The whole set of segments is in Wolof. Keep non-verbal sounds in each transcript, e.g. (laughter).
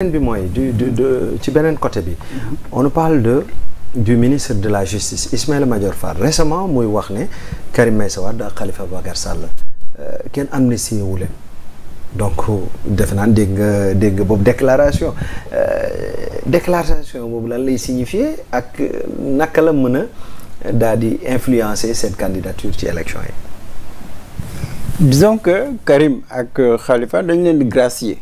beneen bi mooy du de ci beneen côté bi mm-hmm. on nous parle de du ministre de la justice Ismaïla major Fall récemment muy wax ne Karim Meïssa Wade ak Khalifa Ababacar Sall euh, kenn amnistie wu leen donc defe naan dégg nga dégg boobu déclaration euh, déclaration boobu lan lay signifier ak euh, naka la mën a daal di influencer cette candidature ci élection yi disons Karim ak Khalifa dañ leen gracier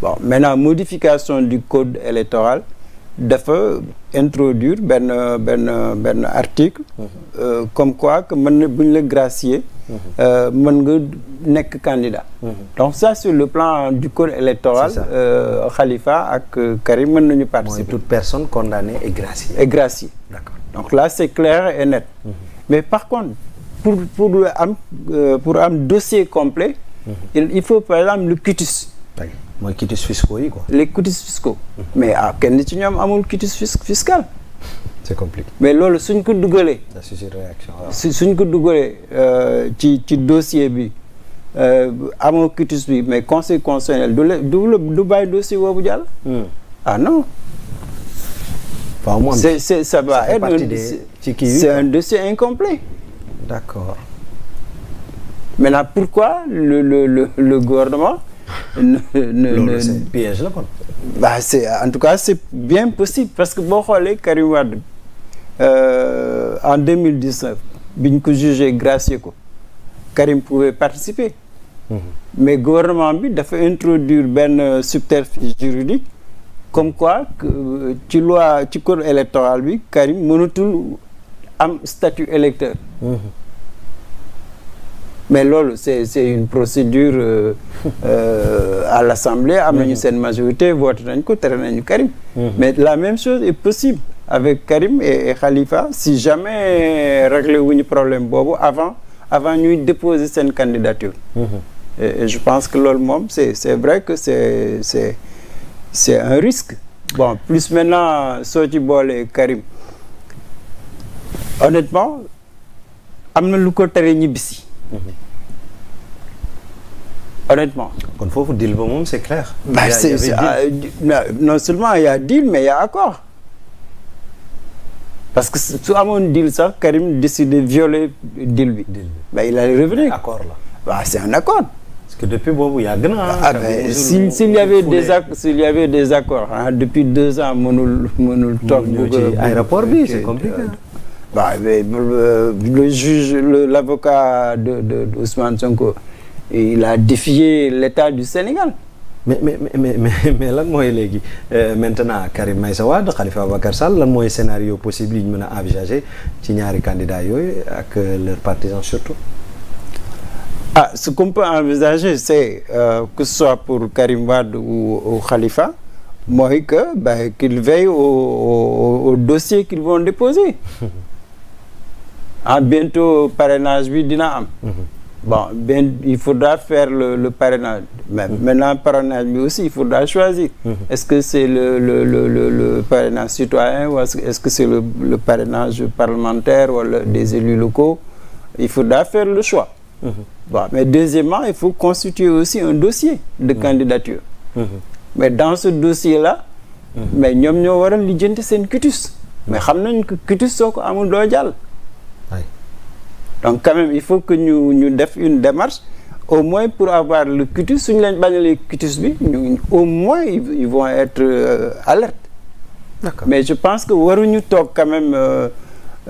bon maintenant modification du code électoral dafa introduire benn benn benn article mhm. euh, comme quoi que mën na bu ñu la gracier mhm. euh, mën nga nekk candidat mhm. donc ça sur le plan du code électoral euh, Khalifa ak Karim mën nañu participer toute personne condamnée est graciée est graciée d'accord donc là c'est clair et net mais par contre pour pour am euh, pour am dossier complet il, faut par exemple le quitus mooy quitus fiscaux yi quoi. les quitus fiscaux. Mm-hmm. mais ah kenn ci ñoom amul quitus fiscal. c'est compliqué mais loolu suñ ko dugalee. ça suscite réaction suñ ko dugalee euh, ci ci dossier bi euh, amoo quitus bi mais conseil constitutionnel du la du du bàyyi dossier boobu jàll. Hmm. ah non. waaw moom c'est c'est ça va être ci kii c'est un dossier incomplet. d'accord. maintenant pourquoi le le le le ne loolu c'est piège la kon. waaw c'est en tout cas c'est bien possible parce que boo xoolee Karim Wade euh, en 2019 bi ñu ko jugé gracié ko Karim pouvait participer. Mhm. mais gouvernement bi dafa introduire benn subterfuge juridique comme quoi euh, ci loi ci code électoral bi Karim mënatul am statut électeur. Mhm. mais loolu c'est c'est une procédure euh, euh, à l'Assemblée am nañu mmh. seen majorité voté nañ ko tere nañu Karim mmh. mais la même chose est possible avec Karim et, et Khalifa si jamais réglé wuñu problème boobu avant avant ñuy déposer seen candidature mmh. et, et je pense que loolu moom c'est c'est vrai que c'est c'est c'est un risque bon plus maintenant soo ci boolee Karim honnêtement am na lu ko tere ñibbisi Mhm. honnêtement. kon foofu deal ba moom c'est clair. Ah, non seulement il y a deal mais il y a accord parce que su amoon deal sax Karim décide de violer deal bi. deal il allait revenir. c'est un accord. parce que depuis boobu yàgg na ah y avait des accords s'il depuis deux ans mënul mënul toog. bëgg aéroport bi c'est compliqué. bah, mais, le, euh, le, juge, l'avocat de, de, de, Ousmane Sonko, il a défié l'État du Sénégal. mais mais mais mais mais (laughs) lan mooy léegi euh, maintenant Karim Meïssa Wade Khalifa Ababacar sa lan mooy scénario possible yi ñu mën a envisager ci ñaari candidats yooyu ak euh, leurs partisans surtout. ah ce qu'on peut envisager c'est que ce soit pour Karim Wade ou, Khalifa mooy que bah, qu'ils veillent au, au, dossier qu'ils vont déposer. (laughs) ah bientôt parrainage bi dina am. Mhm. bon bien il faudra faire le le parrainage. mais mhm. maintenant parrainage bi aussi il faudra choisir. Mhm. est-ce que c'est le le le le le parrainage citoyen ou est-ce que c'est le le parrainage parlementaire wala des élus locaux il faudra faire le choix. bon mais deuxièmement il faut constituer aussi un dossier de candidature. mais dans ce dossier-là. mais ñoom ñoo war a lijjanti seen cutus. mais xam nañ que cutus soo ko amul doo jàll. donc quand il faut que ñu ñu def une démarche au moins pour avoir le cutis suñu leen bañalee cutis bi ñu au moins ils vont être alerte euh, alertes. mais je pense que waruñu toog quand même euh,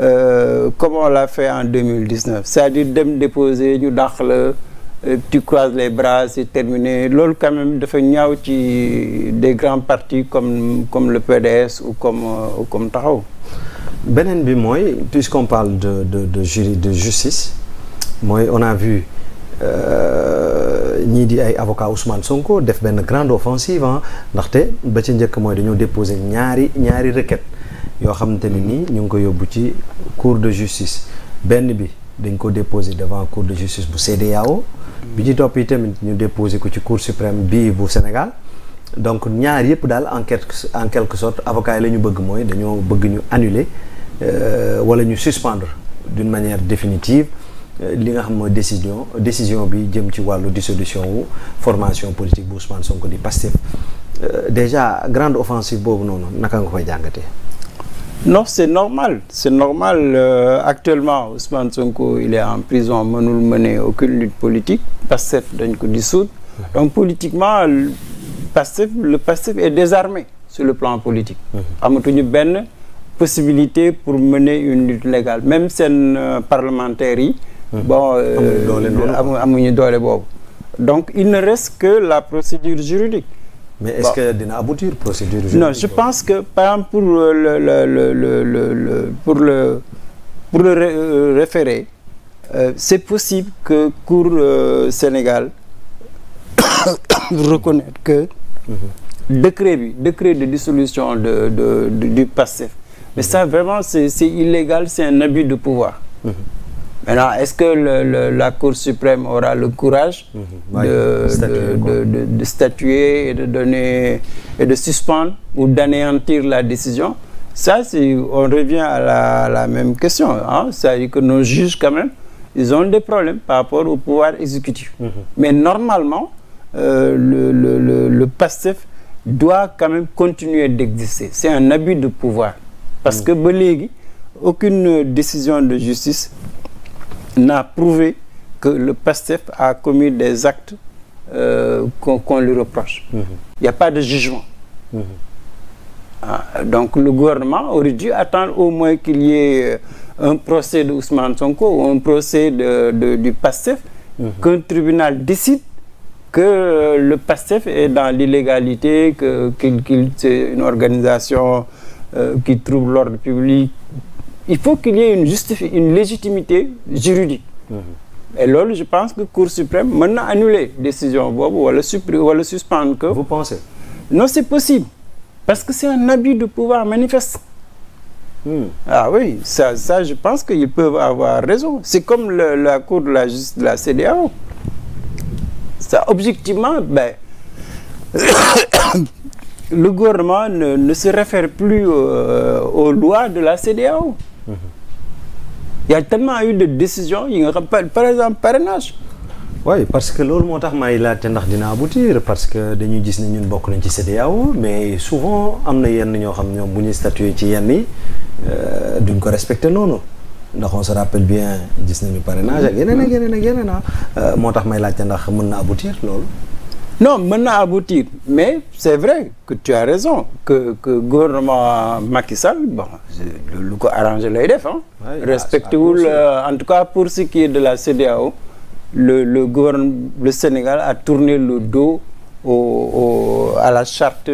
euh, comme on l'a fait en 2019 c'est-à-dire dem déposer ñu dàq la euh, tu croises les bras c'est terminé loolu quand dafa ñaaw ci des grands partie comme comme le PDS ou comme euh, ou comme Taxaw beneen bi mooy puisqu'on parle de de de jury de justice mooy on a vu euh, ñii di ay avocat Ousmane Sonko def benn grande offensive ah ndaxte ba ci njëkk mooy dañoo déposer ñaari ñaari requête yoo xamante ni nii ñu ngi ko yóbbu ci cour de justice benn bi dañ ko déposer devant cour de justice bu CEDEAO bi ci topp yi tamit ñu déposer ko ci cour suprême bii bu Sénégal donc ñaar yëpp daal en quelque en quelque sorte avocat yi la ñu bëgg mooy dañoo bëgg ñu annuler euh, wala ñu suspendre d'une manière définitive euh, li nga xam mooy décision décision bi jëm ci wàllu dissolution wu formation politique bu Ousmane Sonko di Pastef euh, déjà grande offensive boobu noonu naka nga koy jàngate non c'est normal c'est normal euh, actuellement Ousmane Sonko il est en prison mënul mener aucune lutte politique Pastef dañ ko dissoudre donc politiquement. Pastef le Pastef est désarmé sur le plan politique mmh. amatuñu benn possibilité pour mener une lutte légale même seen euh, parlementaires yi mmh. bon euh, amuñu doole boobu donc il ne reste que la procédure juridique mais est-ce bon. que dina aboutir procédure juridique non je pense que par pour euh, le le pour le pour le ré, euh, c'est possible que cour Sénégal (coughs) reconnaître Mm-hmm. décret bi décret de dissolution de de, de du PASTEF mais ça vraiment c'est c'est illégal c'est un abus de pouvoir mm-hmm. maintenant est-ce que le, le, la Cour suprême aura le courage mm-hmm. de de, de de statuer et de donner et de suspendre ou d'anéantir la décision ça c'est on revient à la, même question ah c'est-à-dire que nos juges quand même ils ont des problèmes par rapport au pouvoir exécutif mais normalement euh, le, le, le, le PASTEF doit quand même continuer d'exister. C'est un abus de pouvoir. Parce que ba léegi aucune décision de justice n'a prouvé que le PASTEF a commis des actes euh, qu'on qu lui reproche. Mm-hmm. Il n'y a pas de jugement. Mm-hmm. Ah, donc le gouvernement aurait dû attendre au moins qu'il y ait euh, un procès de Ousmane Sonko ou un procès de, de, du PASTEF, mm-hmm. qu'un tribunal décide que le PASTEF est dans l'illégalité, qu'il qu c'est une organisation euh, qui trouve l'ordre public. Il faut qu'il y ait une, une légitimité juridique. Mm -hmm. Et là, je pense que la Cour suprême maintenant annuler la décision ou la, ou la suspendre. Que... Vous pensez Non, c'est possible. Parce que c'est un abus de pouvoir manifeste. Mm. Ah oui, ça, ça je pense qu'ils peuvent avoir raison. C'est comme le, la Cour de la, de la CDAO. ça, objectivement, ben, (coughs) le gouvernement ne, ne, se réfère plus euh, aux lois de la CEDEAO. Mmh. Il y a tellement eu de xam par exemple, par parrainage. waaye parce que loolu moo tax may laajte ndax dina aboutir parce que dañu gis ne ñun bokk nañ ci CEDEAO mais souvent am na yenn ñoo xam ñoom bu ñuy statuer ci yenn yi euh, duñ ko respecter noonu. ndax on se rappelle bien gis nañu parrainage ak yeneen ak yeneen ak yeneen ah. Euh, moo tax may laajte ndax mën na aboutir loolu. non mën na aboutir mais c'est vrai que tu as raison que que gouvernement Macky Sall bon lu ko arrangé lay def ah. respecté wul euh, en tout cas pour ce qui de la CEDEAO le le Sénégal a tourné le dos au à la charte.